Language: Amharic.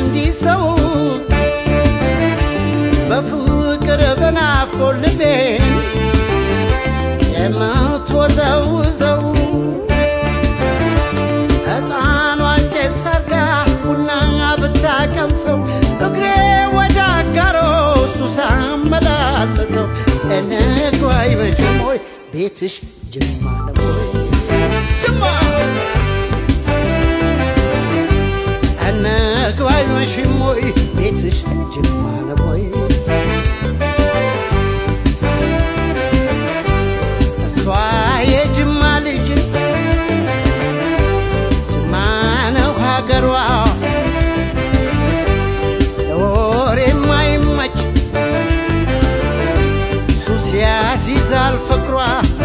አንዲት ሰው በፍቅር በናፍቆ ልቤ የምትወዘውዘው ዕጣኗ እንጨት ሰርጋ ቡና ብታቀምሰው እግሬ ወደ አጋሮ እሱ ሳመላለሰው እነጓይ መጀሞይ ቤትሽ ጅማ አይመሽም ወይ ቤትሽ ጅማ ነው ወይ እሷ የጅማ ልጅ ጅማ ነው ሀገሯ ለወሬ የማይመች ሱስ ያስይዛል ፍቅሯ